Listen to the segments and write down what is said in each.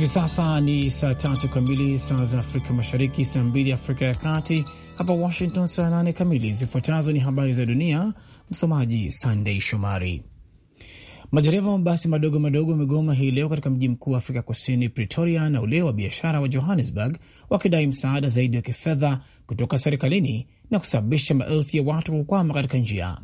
Hivi sasa ni saa tatu kamili saa za Afrika Mashariki, saa mbili Afrika ya Kati, hapa Washington saa nane kamili. Zifuatazo ni habari za dunia, msomaji Sandei Shomari. Madereva wa mabasi madogo madogo wamegoma hii leo katika mji mkuu wa Afrika Kusini, Pretoria, na ule wa biashara wa Johannesburg, wakidai msaada zaidi wa kifedha kutoka serikalini na kusababisha maelfu ya watu kukwama katika njia.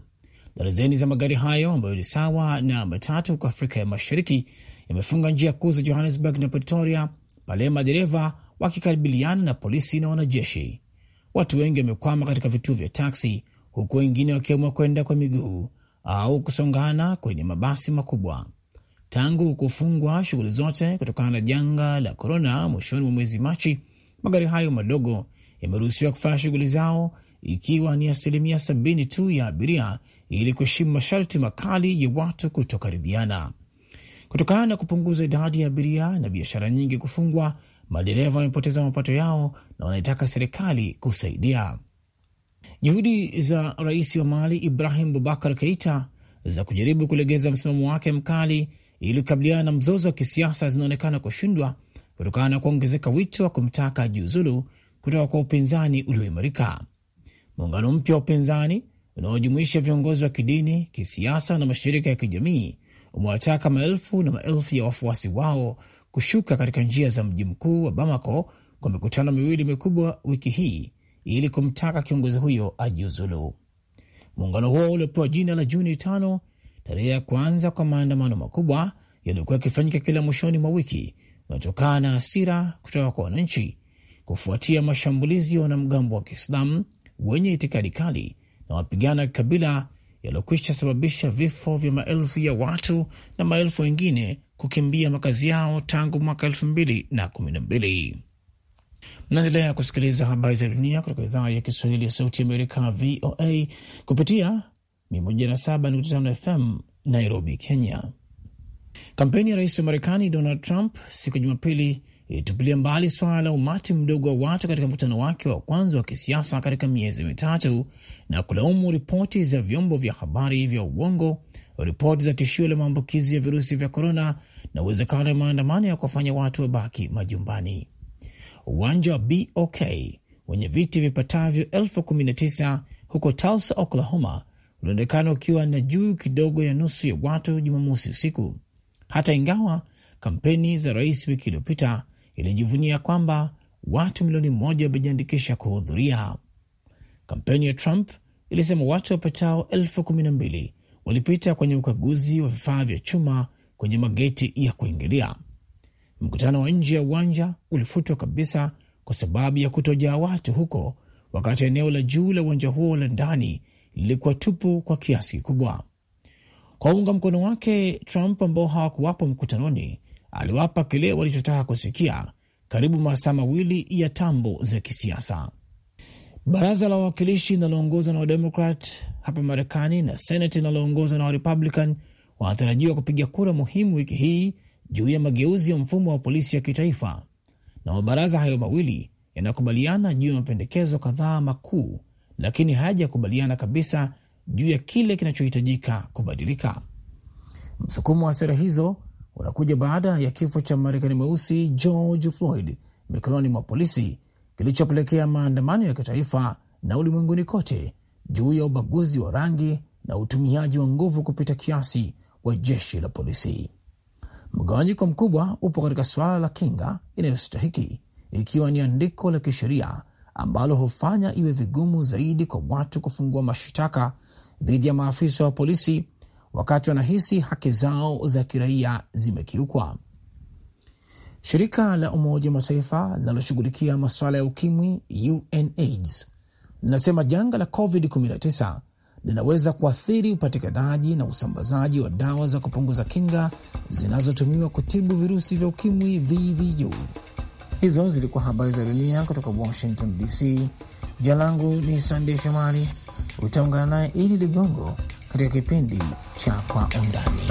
Darazeni za magari hayo ambayo ni sawa na matatu kwa Afrika ya Mashariki imefunga njia kuu za Johannesburg na Pretoria, pale madereva wakikabiliana na polisi na wanajeshi. Watu wengi wamekwama katika vituo vya taksi, huku wengine wakiamua kwenda kwa miguu au kusongana kwenye mabasi makubwa. Tangu kufungwa shughuli zote kutokana na janga la korona mwishoni mwa mwezi Machi, magari hayo madogo yameruhusiwa kufanya shughuli zao ikiwa ni asilimia sabini tu ya abiria ili kuheshimu masharti makali ya watu kutokaribiana. Kutokana na kupunguza idadi ya abiria na biashara nyingi kufungwa, madereva wamepoteza mapato yao na wanaitaka serikali kusaidia. Juhudi za rais wa Mali Ibrahim Bubakar Keita za kujaribu kulegeza msimamo wake mkali ili kukabiliana na mzozo wa kisiasa zinaonekana kushindwa kutokana na kuongezeka wito wa kumtaka jiuzulu kutoka kwa upinzani ulioimarika. Muungano mpya wa upinzani unaojumuisha viongozi wa kidini, kisiasa na mashirika ya kijamii umewataka maelfu na maelfu ya wafuasi wao kushuka katika njia za mji mkuu wa Bamako kwa mikutano miwili mikubwa wiki hii ili kumtaka kiongozi huyo ajiuzulu. Muungano huo uliopewa jina la Juni tano, tarehe ya kwanza kwa maandamano makubwa yaliyokuwa yakifanyika kila mwishoni mwa wiki, unatokana na hasira kutoka kwa wananchi kufuatia mashambulizi ya wanamgambo wa Kiislamu wenye itikadi kali na wapigana kikabila yaliyokwisha sababisha vifo vya maelfu ya watu na maelfu wengine kukimbia makazi yao tangu mwaka elfu mbili na kumi na mbili. Mnaendelea kusikiliza habari za dunia kutoka idhaa ya Kiswahili ya Sauti Amerika, VOA, kupitia 107.5 FM Nairobi, Kenya. Kampeni ya rais wa Marekani Donald Trump siku ya Jumapili ilitupilia mbali swala la umati mdogo wa watu katika mkutano wake wa kwanza wa kisiasa katika miezi mitatu na kulaumu ripoti za vyombo vya habari vya uongo, ripoti za tishio la maambukizi ya virusi vya korona na uwezekano ya maandamano ya kuwafanya watu wabaki majumbani. Uwanja wa BOK wenye viti vipatavyo elfu kumi na tisa huko Tulsa, Oklahoma, ulionekana ukiwa na juu kidogo ya nusu ya watu Jumamosi usiku, hata ingawa kampeni za rais wiki iliyopita ilijivunia kwamba watu milioni moja wamejiandikisha kuhudhuria. Kampeni ya Trump ilisema watu wapatao elfu kumi na mbili walipita kwenye ukaguzi wa vifaa vya chuma kwenye mageti ya kuingilia. Mkutano wa nje ya uwanja ulifutwa kabisa kwa sababu ya kutojaa watu huko, wakati eneo la juu la uwanja huo la ndani lilikuwa tupu kwa kiasi kikubwa. Kwa unga mkono wake Trump ambao hawakuwapo mkutanoni, aliwapa kile walichotaka kusikia karibu masaa mawili ya tambo za kisiasa. Baraza la wawakilishi linaloongozwa na Wademokrat hapa Marekani na Senati linaloongozwa na Warepublican wanatarajiwa kupiga kura muhimu wiki hii juu ya mageuzi ya mfumo wa polisi ya kitaifa, na mabaraza hayo mawili yanakubaliana juu ya mapendekezo kadhaa makuu, lakini hayajakubaliana kabisa juu ya kile kinachohitajika kubadilika. Msukumo wa sera hizo unakuja baada ya kifo cha Marekani mweusi George Floyd mikononi mwa polisi kilichopelekea maandamano ya kitaifa na ulimwenguni kote juu ya ubaguzi wa rangi na utumiaji wa nguvu kupita kiasi wa jeshi la polisi. Mgawanyiko mkubwa upo katika suala la kinga inayostahiki, ikiwa ni andiko la kisheria ambalo hufanya iwe vigumu zaidi kwa watu kufungua mashtaka dhidi ya maafisa wa polisi wakati wanahisi haki zao za kiraia zimekiukwa. Shirika la Umoja Mataifa linaloshughulikia masuala ya ukimwi UNAIDS linasema janga la COVID-19 linaweza kuathiri upatikanaji na usambazaji wa dawa za kupunguza kinga zinazotumiwa kutibu virusi vya ukimwi VVU. Hizo zilikuwa habari za dunia kutoka Washington DC. Jina langu ni Sandey Shomari. Utaungana naye Idi Ligongo katika kipindi cha Kwa Undani.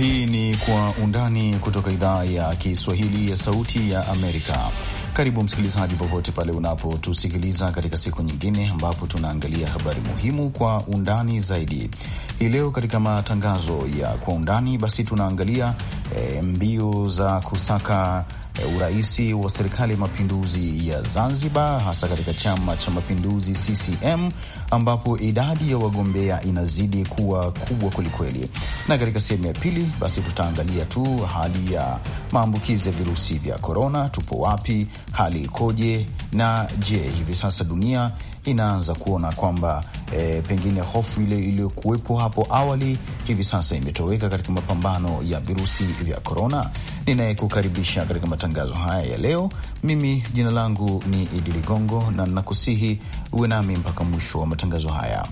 Hii ni Kwa Undani kutoka idhaa ya Kiswahili ya Sauti ya Amerika. Karibu msikilizaji, popote pale unapotusikiliza katika siku nyingine ambapo tunaangalia habari muhimu kwa undani zaidi. Hii leo katika matangazo ya kwa undani, basi tunaangalia e, mbio za kusaka Eh, uraisi wa serikali ya mapinduzi ya Zanzibar, hasa katika chama cha mapinduzi CCM, ambapo idadi ya wagombea inazidi kuwa kubwa kwelikweli. Na katika sehemu ya pili, basi tutaangalia tu hali ya maambukizi ya virusi vya korona, tupo wapi, hali ikoje, na je, hivi sasa dunia inaanza kuona kwamba e, pengine hofu ile iliyokuwepo hapo awali hivi sasa imetoweka katika mapambano ya virusi vya korona. Ninayekukaribisha katika matangazo haya ya leo, mimi jina langu ni Idi Ligongo, na nakusihi uwe nami mpaka mwisho wa matangazo haya.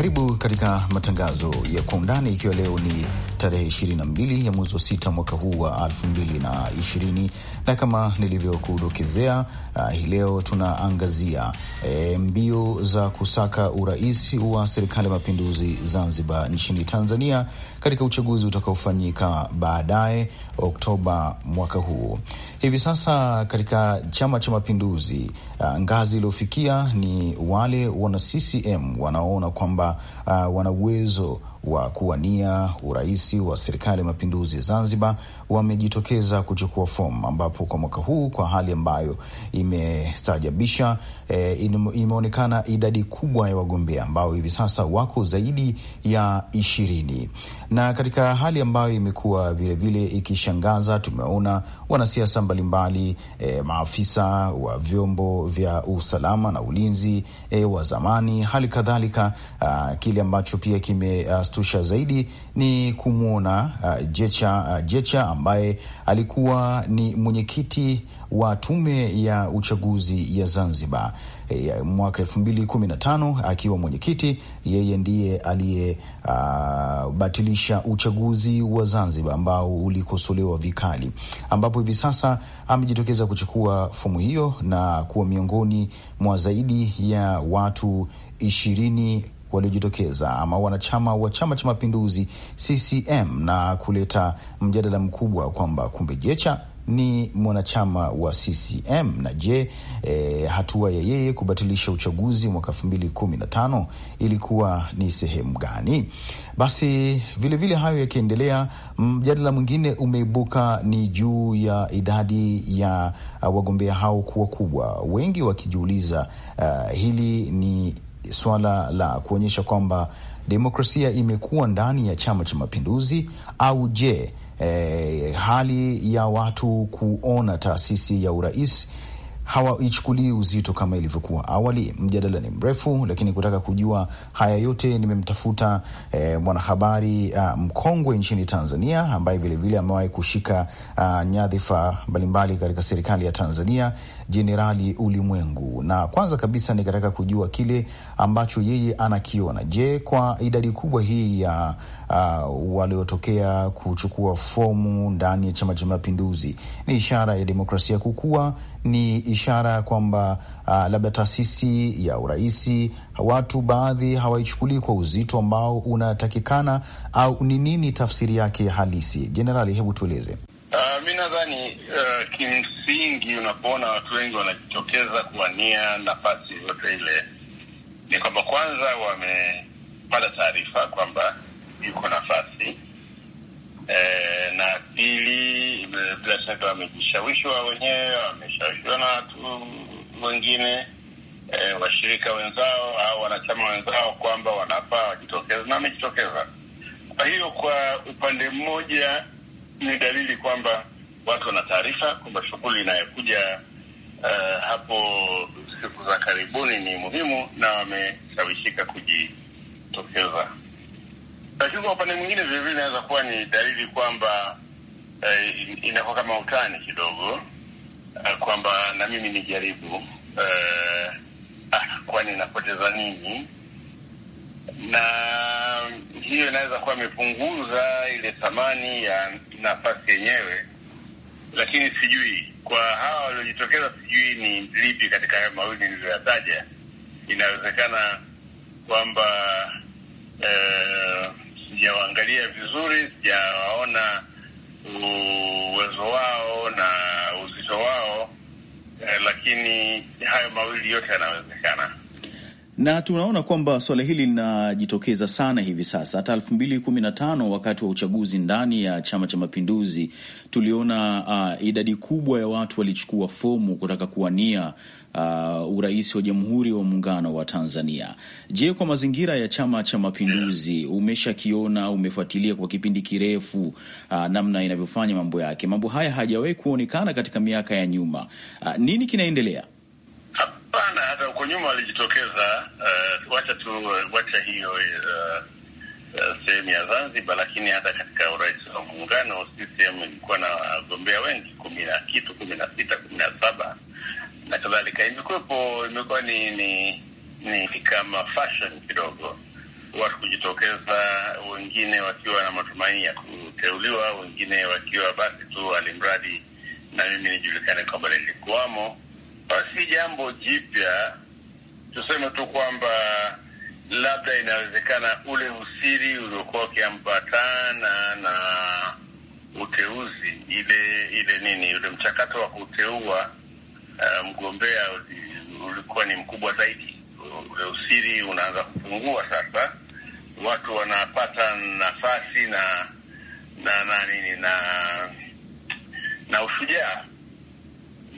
Karibu katika matangazo ya kwa undani, ikiwa leo ni tarehe 22 ya mwezi wa sita mwaka huu wa 2020 na kama nilivyokudokezea, uh, leo tunaangazia e, mbio za kusaka urais wa serikali ya mapinduzi Zanzibar nchini Tanzania katika uchaguzi utakaofanyika baadaye Oktoba mwaka huu. Hivi sasa katika Chama cha Mapinduzi uh, ngazi iliyofikia ni wale wana CCM wanaoona kwamba kwamba uh, wana uwezo wa kuwania urais wa serikali ya mapinduzi ya Zanzibar wamejitokeza kuchukua fomu, ambapo kwa mwaka huu kwa hali ambayo imestajabisha e, imeonekana idadi kubwa ya wagombea ambao hivi sasa wako zaidi ya ishirini, na katika hali ambayo imekuwa vilevile ikishangaza, tumeona wanasiasa mbalimbali e, maafisa wa vyombo vya usalama na ulinzi e, wa zamani, hali kadhalika ah, kile ambacho pia kime a, ah, kinashtusha zaidi ni kumwona uh, Jecha, uh, Jecha ambaye alikuwa ni mwenyekiti wa tume ya uchaguzi ya Zanzibar e, mwaka elfu mbili kumi na tano akiwa mwenyekiti, yeye ndiye aliyebatilisha uh, uchaguzi wa Zanzibar ambao ulikosolewa vikali, ambapo hivi sasa amejitokeza kuchukua fomu hiyo na kuwa miongoni mwa zaidi ya watu ishirini waliojitokeza ama wanachama wa Chama cha Mapinduzi CCM na kuleta mjadala mkubwa kwamba kumbe Jecha ni mwanachama wa CCM na je, e, hatua ya yeye kubatilisha uchaguzi mwaka elfu mbili kumi na tano ilikuwa ni sehemu gani? Basi vilevile hayo yakiendelea, mjadala mwingine umeibuka ni juu ya idadi ya uh, wagombea hao kuwa kubwa, wengi wakijiuliza uh, hili ni suala la kuonyesha kwamba demokrasia imekuwa ndani ya Chama cha Mapinduzi au je, eh, hali ya watu kuona taasisi ya urais hawaichukulii uzito kama ilivyokuwa awali. Mjadala ni mrefu, lakini kutaka kujua haya yote nimemtafuta eh, mwanahabari uh, mkongwe nchini Tanzania ambaye vilevile amewahi kushika uh, nyadhifa mbalimbali katika serikali ya Tanzania, Jenerali Ulimwengu, na kwanza kabisa nikataka kujua kile ambacho yeye anakiona. Je, kwa idadi kubwa hii ya uh, waliotokea kuchukua fomu ndani ya Chama cha Mapinduzi ni ishara ya demokrasia kukua ni ishara kwamba uh, labda taasisi ya urahisi watu baadhi hawaichukulii kwa uzito ambao unatakikana, au ni nini tafsiri yake halisi? Jenerali, hebu tueleze. Uh, mi nadhani uh, kimsingi unapoona watu wengi wanajitokeza kuwania nafasi yoyote ile ni kwamba kwanza wamepata taarifa kwamba yuko nafasi Eh, na pili, eh, bila shaka wamejishawishwa wenyewe, wameshawishwa na watu wengine e, washirika wenzao au wanachama wenzao kwamba wanafaa wajitokeze na wamejitokeza. Kwa hiyo kwa upande mmoja ni dalili kwamba watu wana taarifa kwamba shughuli inayokuja uh, hapo siku za karibuni ni muhimu na wameshawishika kujitokeza. Lakini kwa upande mwingine vilevile inaweza kuwa ni dalili kwamba eh, inakuwa kama utani kidogo eh, kwamba na mimi nijaribu eh, ah, kwani napoteza nini? Na hiyo inaweza kuwa imepunguza ile thamani ya nafasi yenyewe, lakini sijui kwa hawa waliojitokeza, sijui ni lipi katika hayo mawili niliyoyataja. Inawezekana kwamba eh, sijawaangalia vizuri, sijawaona uwezo wao na uzito wao eh, lakini hayo mawili yote yanawezekana na tunaona kwamba suala hili linajitokeza sana hivi sasa. Hata elfu mbili kumi na tano wakati wa uchaguzi ndani ya Chama cha Mapinduzi tuliona uh, idadi kubwa ya watu walichukua fomu kutaka kuwania uh, urais wa Jamhuri wa Muungano wa Tanzania. Je, kwa mazingira ya Chama cha Mapinduzi umeshakiona, umefuatilia kwa kipindi kirefu uh, namna inavyofanya mambo yake? Mambo haya hajawahi kuonekana katika miaka ya nyuma. Uh, nini kinaendelea? Hapana, hata huko nyuma walijitokeza. Uh, wacha tu wacha hiyo uh, uh, sehemu ya Zanzibar, lakini hata katika urais wa muungano CCM ilikuwa na wagombea wengi, kumi na kitu, kumi na sita, kumi na saba na kadhalika, imekuwepo imekuwa ni, ni ni kama fashion kidogo watu kujitokeza, wengine wakiwa na matumaini ya kuteuliwa, wengine wakiwa basi tu alimradi na mimi nijulikane kwamba nilikuwamo. Si jambo jipya, tuseme tu kwamba labda inawezekana ule usiri uliokuwa ukiambatana na uteuzi, ile ile nini, ule mchakato wa kuteua uh, mgombea ulikuwa ni mkubwa zaidi. Ule usiri unaanza kupungua sasa, watu wanapata nafasi na na na nini na na ushujaa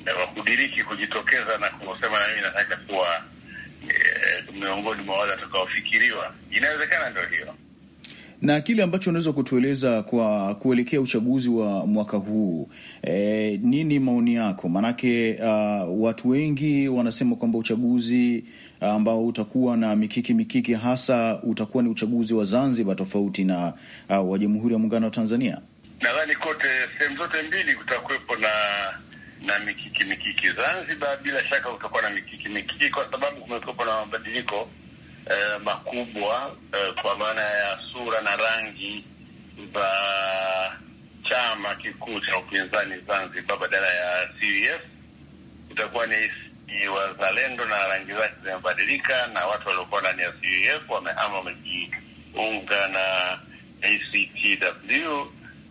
eh, wa kudiriki kujitokeza na kusema na mimi nataka kuwa e, miongoni mwa wale watakaofikiriwa. Inawezekana ndio hiyo na kile ambacho unaweza kutueleza kwa kuelekea uchaguzi wa mwaka huu e, nini maoni yako? Maanake uh, watu wengi wanasema kwamba uchaguzi ambao utakuwa na mikiki mikiki hasa utakuwa ni uchaguzi wa Zanzibar tofauti na uh, wa Jamhuri ya Muungano wa Tanzania. Nadhani kote sehemu zote mbili kutakuwepo na na mikiki mikiki. Zanzibar bila shaka kutakuwa na mikiki mikiki kwa sababu kumekuwepo na mabadiliko eh, makubwa eh, kwa maana ya sura na rangi za chama kikuu cha upinzani Zanzibar badala ya CUF. E Itakuwa ni wazalendo na rangi zake zimebadilika, na watu waliokuwa ndani ya CUF e wamehama, wamejiunga na ACTW.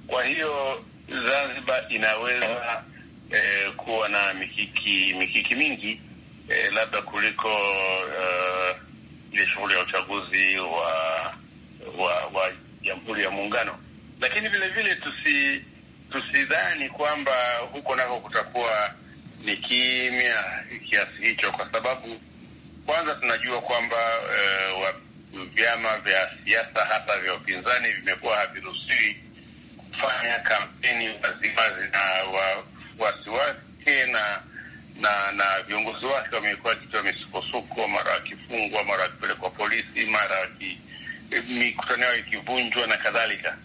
Kwa hiyo Zanzibar inaweza eh, kuwa na mikiki mikiki mingi eh, labda kuliko eh, ile shughuli ya uchaguzi wa wa Jamhuri ya Muungano. Lakini vile vile tusi tusidhani kwamba huko nako kutakuwa ni kimya kiasi hicho, kwa sababu kwanza tunajua kwamba uh, vyama vya siasa hasa vya upinzani vimekuwa haviruhusiwi kufanya kampeni waziwazi na wafuasi wake na na na viongozi wake wamekuwa akitoa misukosuko, mara akifungwa, mara wakipelekwa polisi, mara ki, mikutano yao ikivunjwa na kadhalika.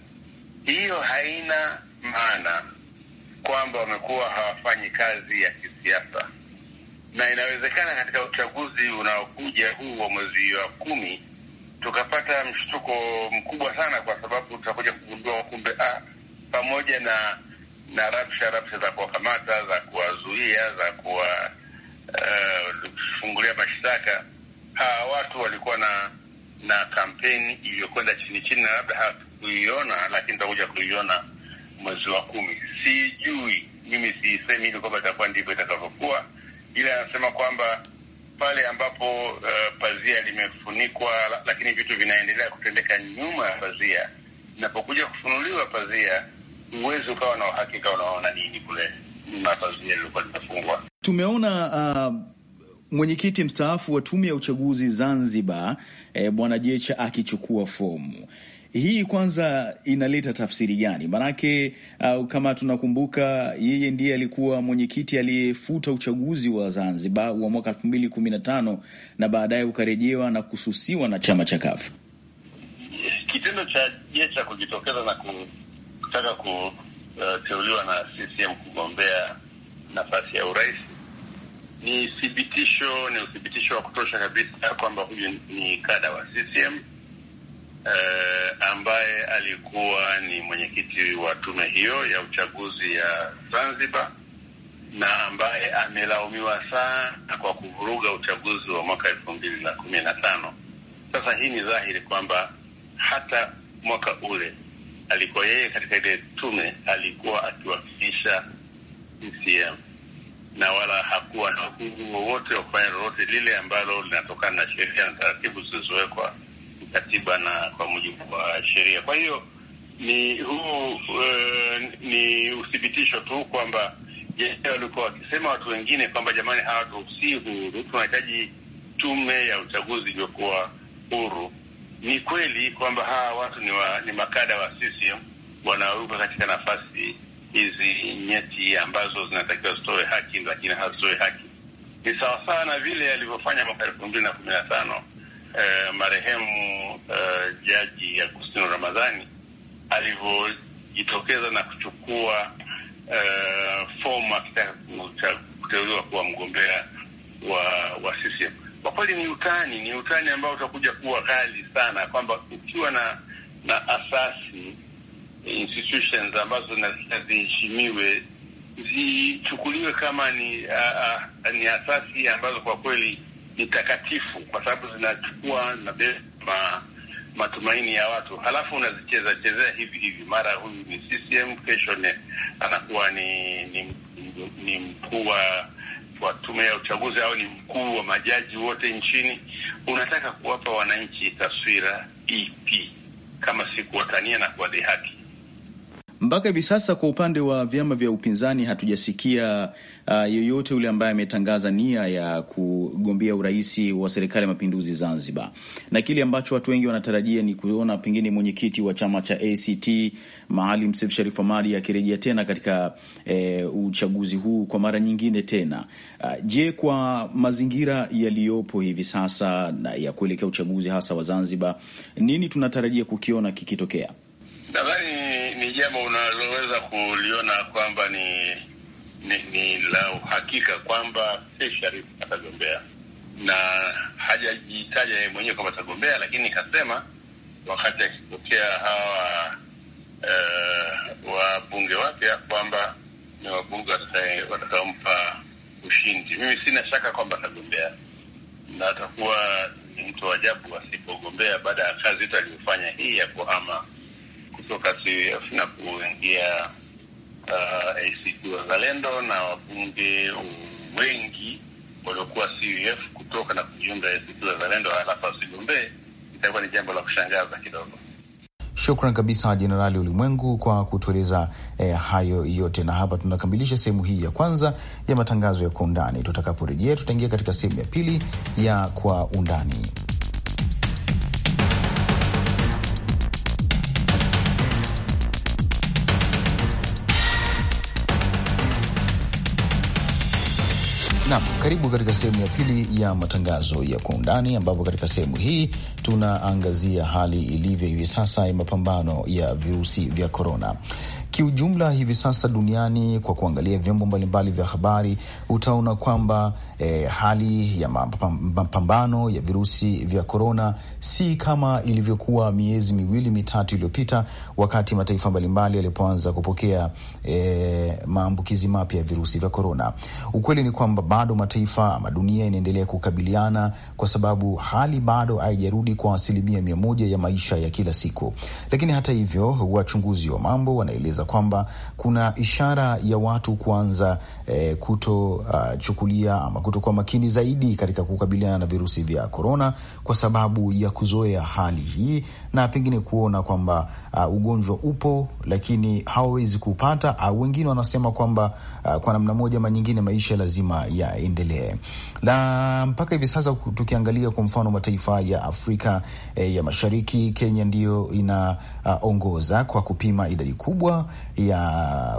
Hiyo haina maana kwamba wamekuwa hawafanyi kazi ya kisiasa, na inawezekana katika uchaguzi unaokuja huu wa mwezi wa kumi tukapata mshtuko mkubwa sana, kwa sababu tutakuja kugundua kumbe, ah, pamoja na na rabsha rabsha za kuwakamata, za kuwazuia, za kuwafungulia eh, uh, mashtaka. Hawa watu walikuwa na na kampeni iliyokwenda chini chini, na labda hatukuiona, lakini tutakuja kuiona mwezi wa kumi. Sijui mimi, siisemi ili kwamba itakuwa ndivyo itakavyokuwa, ila anasema kwamba pale ambapo uh, pazia limefunikwa, lakini vitu vinaendelea kutendeka nyuma ya pazia, inapokuja kufunuliwa pazia huwezi ukawa na uhakika unaona nini kule mapazia lilikuwa limefungwa. Tumeona uh, mwenyekiti mstaafu wa tume ya uchaguzi Zanzibar eh, Bwana Jecha akichukua fomu hii kwanza inaleta tafsiri gani? Maanake uh, kama tunakumbuka, yeye ndiye alikuwa mwenyekiti aliyefuta uchaguzi wa Zanzibar wa mwaka elfu mbili kumi na tano na baadaye ukarejewa na kususiwa na chama cha Kafu. Kitendo cha Jecha kujitokeza na kutaka kuteuliwa na CCM kugombea nafasi ya urais ni thibitisho, ni uthibitisho wa kutosha kabisa kwamba huyu ni kada wa CCM uh, eh, ambaye alikuwa ni mwenyekiti wa tume hiyo ya uchaguzi ya Zanzibar na ambaye amelaumiwa sana kwa kuvuruga uchaguzi wa mwaka elfu mbili na kumi na tano. Sasa hii ni dhahiri kwamba hata mwaka ule alikuwa yeye katika ile tume alikuwa akiwakilisha CCM na wala hakuwa na uhuru wowote wa kufanya lolote lile ambalo linatokana na sheria na taratibu zilizowekwa katiba na kwa mujibu wa sheria. Kwa hiyo ni huu uh, ni uthibitisho tu kwamba yeye walikuwa wakisema watu wengine kwamba jamani, hawatuhusii huru, tunahitaji tume ya uchaguzi iliyokuwa huru ni kweli kwamba hawa watu ni, wa, ni makada wa CCM wanaoruka katika nafasi hizi nyeti ambazo zinatakiwa zitoe haki, lakini hazitoe haki. Ni sawasawa na vile alivyofanya mwaka elfu mbili na kumi na tano eh, marehemu eh, Jaji Agustino Ramadhani alivyojitokeza na kuchukua eh, fomu akitaka kuteuliwa kuwa mgombea wa, wa CCM kwa kweli ni utani, ni utani ambao utakuja kuwa ghali sana, kwamba ukiwa na na asasi institutions ambazo nazia ziheshimiwe, zichukuliwe kama ni a, a, ni asasi ambazo kwa kweli ni takatifu, kwa sababu zinachukua na ma, matumaini ya watu, halafu unazicheza chezea hivi hivi, mara huyu ni CCM, kesho anakuwa ni ni, ni, ni mkuu wa wa tume ya uchaguzi au ni mkuu wa majaji wote nchini, unataka kuwapa wananchi taswira ipi kama si kuwatania na kuwadhihaki? Mpaka hivi sasa kwa upande wa vyama vya upinzani hatujasikia uh, yoyote yule ambaye ametangaza nia ya kugombea urais wa serikali ya mapinduzi Zanzibar, na kile ambacho watu wengi wanatarajia ni kuona pengine mwenyekiti wa chama cha ACT Maalim Seif Sharif Hamad akirejea tena katika eh, uchaguzi huu kwa mara nyingine tena. Uh, je, kwa mazingira yaliyopo hivi sasa na ya kuelekea uchaguzi hasa wa Zanzibar, nini tunatarajia kukiona kikitokea? Nadhani ni jambo unaloweza kuliona kwamba ni, ni ni la uhakika kwamba Seif Sharif atagombea, na hajajitaja yeye mwenyewe kwamba atagombea, lakini ikasema wakati akipokea hawa uh, wabunge wapya kwamba ni wabunge watakaompa ushindi. Mimi sina shaka kwamba atagombea na atakuwa ni mtu wa ajabu asipogombea baada ya kazi yote aliyofanya hii ya kuhama kutoka CUF na kuingia uh, ACT Wazalendo na wabunge wengi waliokuwa CUF kutoka na kujiunga ACT Wazalendo halafu asigombee, itakuwa ni jambo la kushangaza kidogo. Shukran kabisa Jenerali Ulimwengu kwa kutueleza eh, hayo yote, na hapa tunakamilisha sehemu hii ya kwanza ya matangazo ya kwa undani. Tutakaporejea tutaingia katika sehemu ya pili ya kwa undani. No. Karibu katika sehemu ya pili ya matangazo ya kwa undani, ambapo katika sehemu hii tunaangazia hali ilivyo hivi sasa ya mapambano ya virusi vya korona. Kiujumla hivi sasa duniani, kwa kuangalia vyombo mbalimbali vya habari, utaona kwamba e, hali ya mapambano ya virusi vya korona si kama ilivyokuwa miezi miwili mitatu iliyopita, wakati mataifa mbalimbali yalipoanza kupokea e, maambukizi mapya ya virusi vya korona. Ukweli ni kwamba bado mataifa ama dunia inaendelea kukabiliana, kwa sababu hali bado haijarudi kwa asilimia mia moja ya maisha ya kila siku. Lakini hata hivyo, wachunguzi wa mambo wanaeleza kwamba kuna ishara ya watu kuanza eh, kutochukulia ah, uh, ama kutokuwa makini zaidi katika kukabiliana na virusi vya korona, kwa sababu ya kuzoea hali hii na pengine kuona kwamba uh, ugonjwa upo lakini hawawezi kupata au uh, wengine wanasema kwamba uh, kwa namna moja ama nyingine maisha lazima yaendelee. Na mpaka hivi sasa tukiangalia kwa mfano mataifa ya Afrika eh, ya Mashariki, Kenya ndiyo inaongoza uh, kwa kupima idadi kubwa ya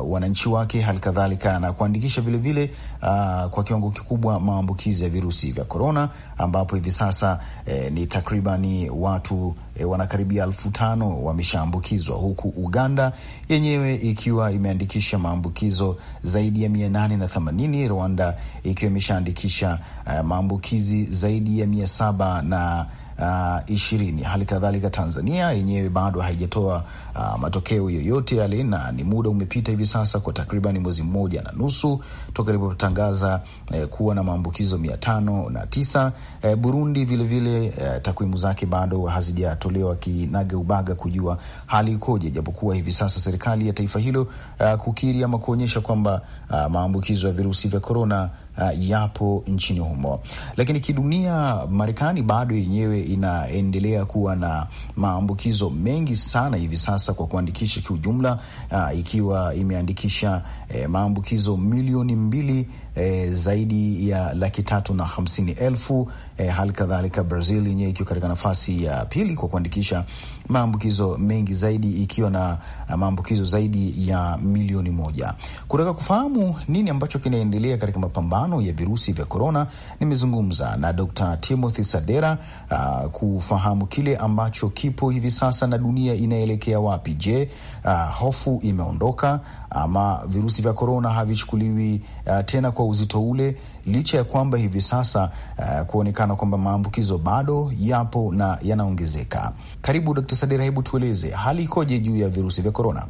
wananchi wake, hali kadhalika na kuandikisha vilevile uh, kwa kiwango kikubwa maambukizi ya virusi vya korona, ambapo hivi sasa eh, ni takribani watu e, wanakaribia elfu tano wameshaambukizwa, huku Uganda yenyewe ikiwa imeandikisha maambukizo zaidi ya mia nane na themanini, Rwanda ikiwa imeshaandikisha uh, maambukizi zaidi ya mia saba na uh, ishirini. Hali kadhalika Tanzania yenyewe bado haijatoa uh, matokeo yoyote yale, na ni muda umepita hivi sasa kwa takriban mwezi mmoja na nusu toka ilipotangaza eh, kuwa na maambukizo mia tano na tisa. Eh, Burundi vilevile eh, takwimu zake bado hazijatolewa kinaga ubaga kujua hali ikoje, japokuwa hivi sasa serikali ya taifa hilo uh, kukiri ama kuonyesha kwamba uh, maambukizo ya virusi vya korona uh, yapo nchini humo. Lakini kidunia, Marekani bado yenyewe inaendelea kuwa na maambukizo mengi sana hivi sasa kwa kuandikisha kiujumla, uh, ikiwa imeandikisha eh, maambukizo milioni mbili e, zaidi ya laki tatu na hamsini elfu e, hali kadhalika Brazil yenyewe ikiwa katika nafasi ya pili kwa kuandikisha maambukizo mengi zaidi ikiwa na maambukizo zaidi ya milioni moja. Kutaka kufahamu nini ambacho kinaendelea katika mapambano ya virusi vya korona, nimezungumza na Dr. Timothy Sadera uh, kufahamu kile ambacho kipo hivi sasa na dunia inaelekea wapi. Je, uh, hofu imeondoka? ama virusi vya korona havichukuliwi uh, tena kwa uzito ule, licha ya kwamba hivi sasa uh, kuonekana kwamba maambukizo bado yapo na yanaongezeka. Karibu Dkt. Sadira, hebu tueleze hali ikoje juu ya virusi vya korona?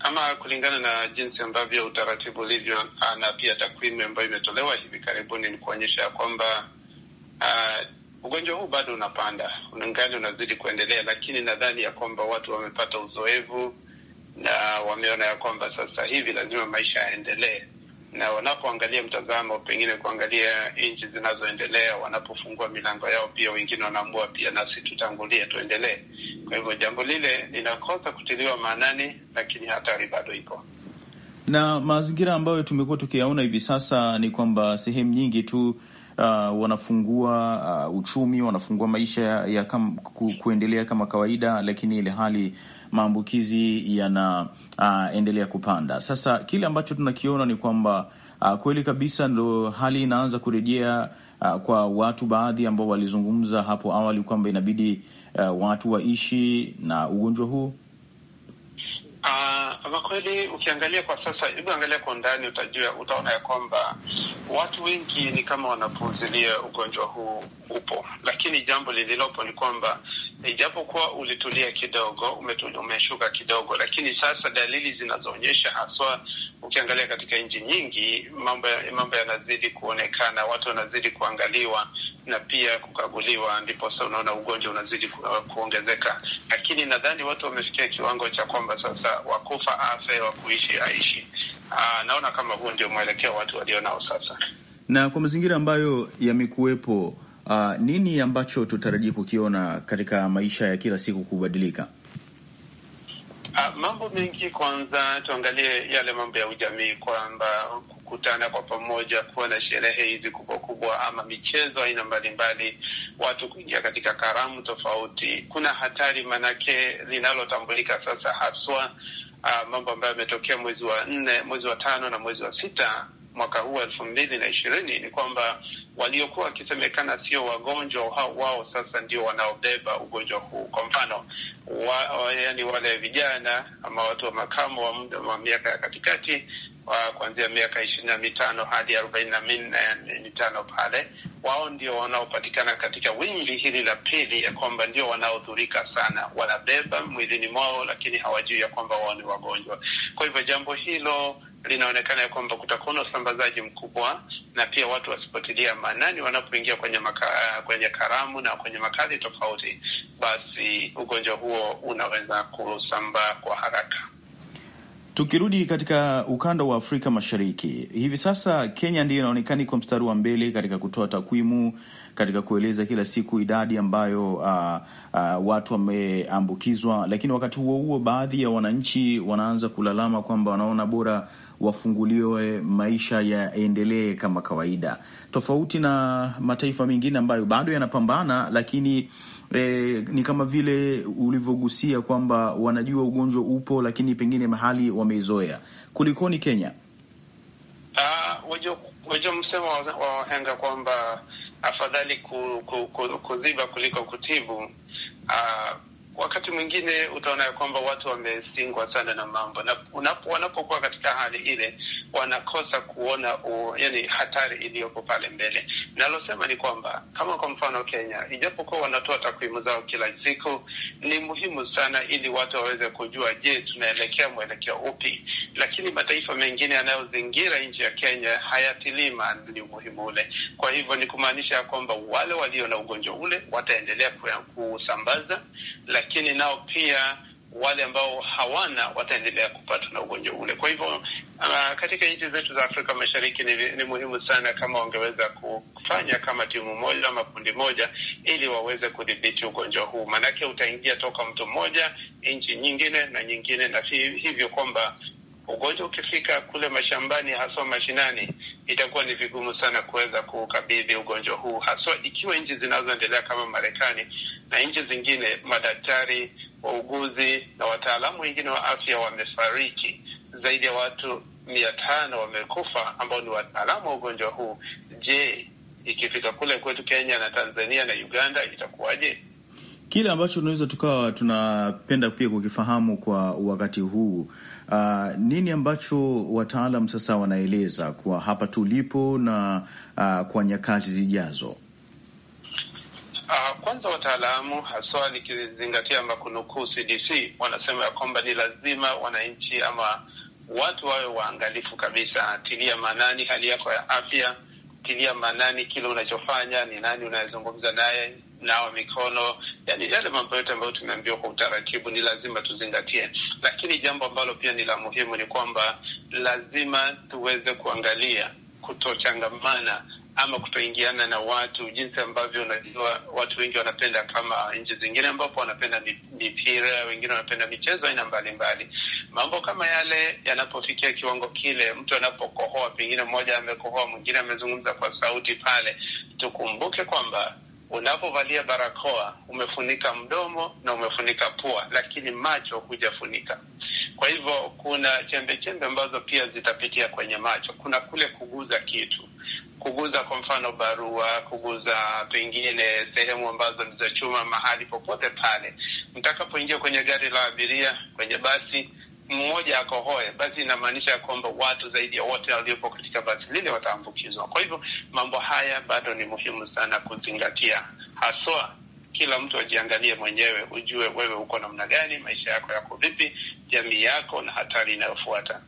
Ama kulingana na jinsi ambavyo utaratibu ulivyo uh, na pia takwimu ambayo imetolewa hivi karibuni ni kuonyesha ya kwamba uh, ugonjwa huu bado unapanda, unangali unazidi kuendelea, lakini nadhani ya kwamba watu wamepata uzoevu na wameona ya kwamba sasa hivi lazima maisha yaendelee, na wanapoangalia mtazamo pengine kuangalia nchi zinazoendelea, wanapofungua milango yao, pia wengine wanaambua pia nasi tutangulie, tuendelee. Kwa hivyo jambo lile linakosa kutiliwa maanani, lakini hatari bado ipo na mazingira ambayo tumekuwa tukiyaona hivi sasa ni kwamba sehemu nyingi tu uh, wanafungua uh, uchumi wanafungua maisha ya, ya kam, ku, kuendelea kama kawaida, lakini ile hali maambukizi yanaendelea uh, kupanda. Sasa kile ambacho tunakiona ni kwamba uh, kweli kabisa ndo hali inaanza kurejea uh, kwa watu baadhi ambao walizungumza hapo awali kwamba inabidi uh, watu waishi na ugonjwa huu ama kweli, ukiangalia kwa sasa, hebu angalia kwa undani, utajua utaona ya kwamba watu wengi ni kama wanapuuzilia ugonjwa huu upo, lakini jambo lililopo ni kwamba ijapokuwa ulitulia kidogo, umeshuka kidogo, lakini sasa dalili zinazoonyesha haswa, ukiangalia katika nchi nyingi, mambo mambo yanazidi kuonekana, watu wanazidi kuangaliwa na pia kukaguliwa, ndipo sasa unaona ugonjwa unazidi ku, kuongezeka. Lakini nadhani watu wamefikia kiwango cha kwamba sasa wakufa afe, wa kuishi aishi. Ah, naona kama huu ndio mwelekeo watu walionao sasa, na kwa mazingira ambayo yamekuwepo uh, nini ambacho tutarajii kukiona katika maisha ya kila siku kubadilika? Uh, mambo mengi. Kwanza tuangalie yale mambo ya ujamii, kwamba kukutana kwa pamoja, kuwa na sherehe hizi kubwa kubwa ama michezo aina mbalimbali, watu kuingia katika karamu tofauti. Kuna hatari manake linalotambulika sasa haswa, uh, mambo ambayo yametokea mwezi wa nne, mwezi wa tano na mwezi wa sita mwaka huu elfu mbili na ishirini ni kwamba waliokuwa wakisemekana sio wagonjwa hao wao sasa ndio wanaobeba ugonjwa huu. Kwa mfano wa, wa, yani wale vijana ama watu wa makamo wa muda wa miaka ya katikati kuanzia miaka ishirini na mitano hadi arobaini na minne mitano pale, wao ndio wanaopatikana katika wimbi hili la pili, ya kwamba ndio wanaodhurika sana, wanabeba mwilini mwao, lakini hawajui ya kwamba wao ni wagonjwa. Kwa hivyo jambo hilo linaonekana ya kwamba kutakuwa na usambazaji mkubwa, na pia watu wasipotilia maanani wanapoingia kwenye maka, kwenye karamu na kwenye makazi tofauti, basi ugonjwa huo unaweza kusambaa kwa haraka. Tukirudi katika ukanda wa Afrika Mashariki, hivi sasa Kenya ndiyo inaonekana iko mstari wa mbele katika kutoa takwimu, katika kueleza kila siku idadi ambayo uh, uh, watu wameambukizwa, lakini wakati huo huo baadhi ya wananchi wanaanza kulalama kwamba wanaona bora wafunguliwe maisha yaendelee kama kawaida, tofauti na mataifa mengine ambayo bado yanapambana, lakini e, ni kama vile ulivyogusia kwamba wanajua ugonjwa upo, lakini pengine mahali wameizoea. Kulikoni Kenya? Uh, wajua msemo wa wahenga kwamba afadhali ku, ku, ku, kuziba kuliko kutibu. Uh, wakati mwingine utaona ya kwamba watu wamesingwa sana na mambo na unapo, wanapokuwa katika hali ile wanakosa kuona u, yani hatari iliyopo pale mbele. Nalosema ni kwamba kama kwa mfano Kenya, ijapokuwa wanatoa takwimu zao kila siku, ni muhimu sana ili watu waweze kujua, je, tunaelekea mwelekeo upi? Lakini mataifa mengine yanayozingira nchi ya Kenya hayatilii maanani umuhimu ule. Kwa hivyo ni kumaanisha ya kwamba wale walio na ugonjwa ule wataendelea kusambaza lakini nao pia wale ambao hawana wataendelea kupatwa na ugonjwa ule. Kwa hivyo uh, katika nchi zetu za Afrika Mashariki ni, ni muhimu sana kama wangeweza kufanya kama timu moja ama kundi moja, ili waweze kudhibiti ugonjwa huu, maanake utaingia toka mtu mmoja nchi nyingine na nyingine, na hivyo kwamba Ugonjwa ukifika kule mashambani, haswa mashinani, itakuwa ni vigumu sana kuweza kukabidhi ugonjwa huu, haswa ikiwa nchi zinazoendelea kama Marekani na nchi zingine, madaktari, wauguzi na wataalamu wengine wa afya wamefariki. Zaidi ya watu mia tano wamekufa ambao ni wataalamu wa ugonjwa huu. Je, ikifika kule kwetu Kenya na Tanzania na Uganda itakuwaje? Kile ambacho tunaweza tukawa tunapenda pia kukifahamu kwa wakati huu Uh, nini ambacho wataalam sasa wanaeleza kwa hapa tulipo na uh, kwa nyakati zijazo? Uh, kwanza wataalamu haswa nikizingatia makunukuu CDC wanasema ya kwamba ni lazima wananchi ama watu wawe waangalifu kabisa. Tilia maanani hali yako ya afya, tilia maanani kile unachofanya, ni nani unayezungumza naye, kunawa mikono, yani yale mambo yote ambayo tumeambiwa kwa utaratibu ni lazima tuzingatie. Lakini jambo ambalo pia ni la muhimu ni kwamba lazima tuweze kuangalia kutochangamana ama kutoingiana na watu, jinsi ambavyo unajua watu wengi wanapenda kama nchi zingine ambapo wanapenda mipira, wengine wanapenda michezo aina mbalimbali. Mambo kama yale yanapofikia kiwango kile, mtu anapokohoa, pengine mmoja amekohoa, mwingine amezungumza kwa sauti pale, tukumbuke kwamba Unapovalia barakoa umefunika mdomo na umefunika pua, lakini macho hujafunika. Kwa hivyo kuna chembe chembe ambazo pia zitapitia kwenye macho. Kuna kule kuguza kitu, kuguza kwa mfano barua, kuguza pengine sehemu ambazo ni za chuma, mahali popote pale. Mtakapoingia kwenye gari la abiria, kwenye basi mmoja akohoe, basi inamaanisha kwamba watu zaidi ya wote waliopo katika basi lile wataambukizwa. Kwa hivyo mambo haya bado ni muhimu sana kuzingatia, haswa kila mtu ajiangalie mwenyewe, ujue wewe uko namna gani, maisha yako yako vipi, jamii yako na hatari inayofuata.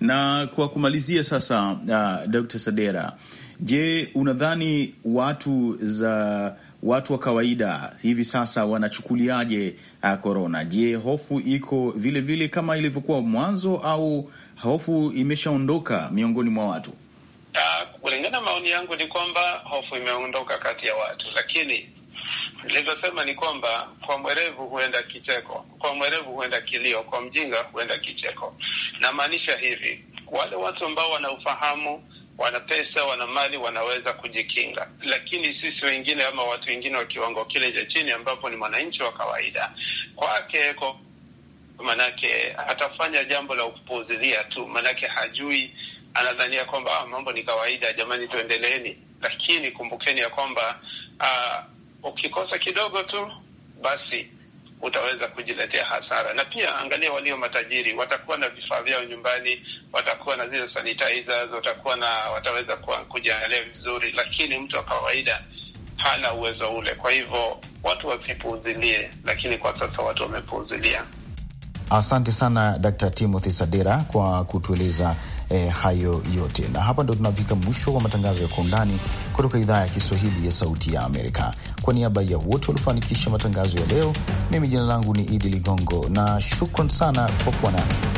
Na kwa kumalizia sasa, uh, Dr. Sadera, je, unadhani watu za watu wa kawaida hivi sasa wanachukuliaje korona? Uh, je, hofu iko vilevile vile kama ilivyokuwa mwanzo au hofu imeshaondoka miongoni mwa watu? Uh, kulingana maoni yangu ni kwamba hofu imeondoka kati ya watu, lakini nilivyosema ni kwamba kwa mwerevu huenda kicheko, kwa mwerevu huenda kilio, kwa mjinga huenda kicheko. Namaanisha hivi, wale watu ambao wanaufahamu wana pesa, wana mali, wanaweza kujikinga. Lakini sisi wengine ama watu wengine wa kiwango kile cha chini, ambapo ni mwananchi wa kawaida, kwake kwa manake atafanya jambo la kupuuzilia tu, manake hajui, anadhania kwamba ah, mambo ni kawaida, jamani, tuendeleeni. Lakini kumbukeni ya kwamba ah, ukikosa kidogo tu basi utaweza kujiletea hasara. Na pia angalia, walio matajiri watakuwa na vifaa vyao nyumbani, watakuwa na zile sanitizers, watakuwa na wataweza kujiangalia vizuri, lakini mtu wa kawaida hana uwezo ule. Kwa hivyo watu wasipuuzilie, lakini kwa sasa watu wamepuuzilia. Asante sana Dr. Timothy Sadera kwa kutueleza eh, hayo yote. Na hapa ndo tunafika mwisho wa matangazo ya Kwa Undani kutoka idhaa ya Kiswahili ya Sauti ya Amerika. Kwa niaba ya wote waliofanikisha matangazo ya leo, mimi jina langu ni Idi Ligongo na shukran sana kwa kuwa nami.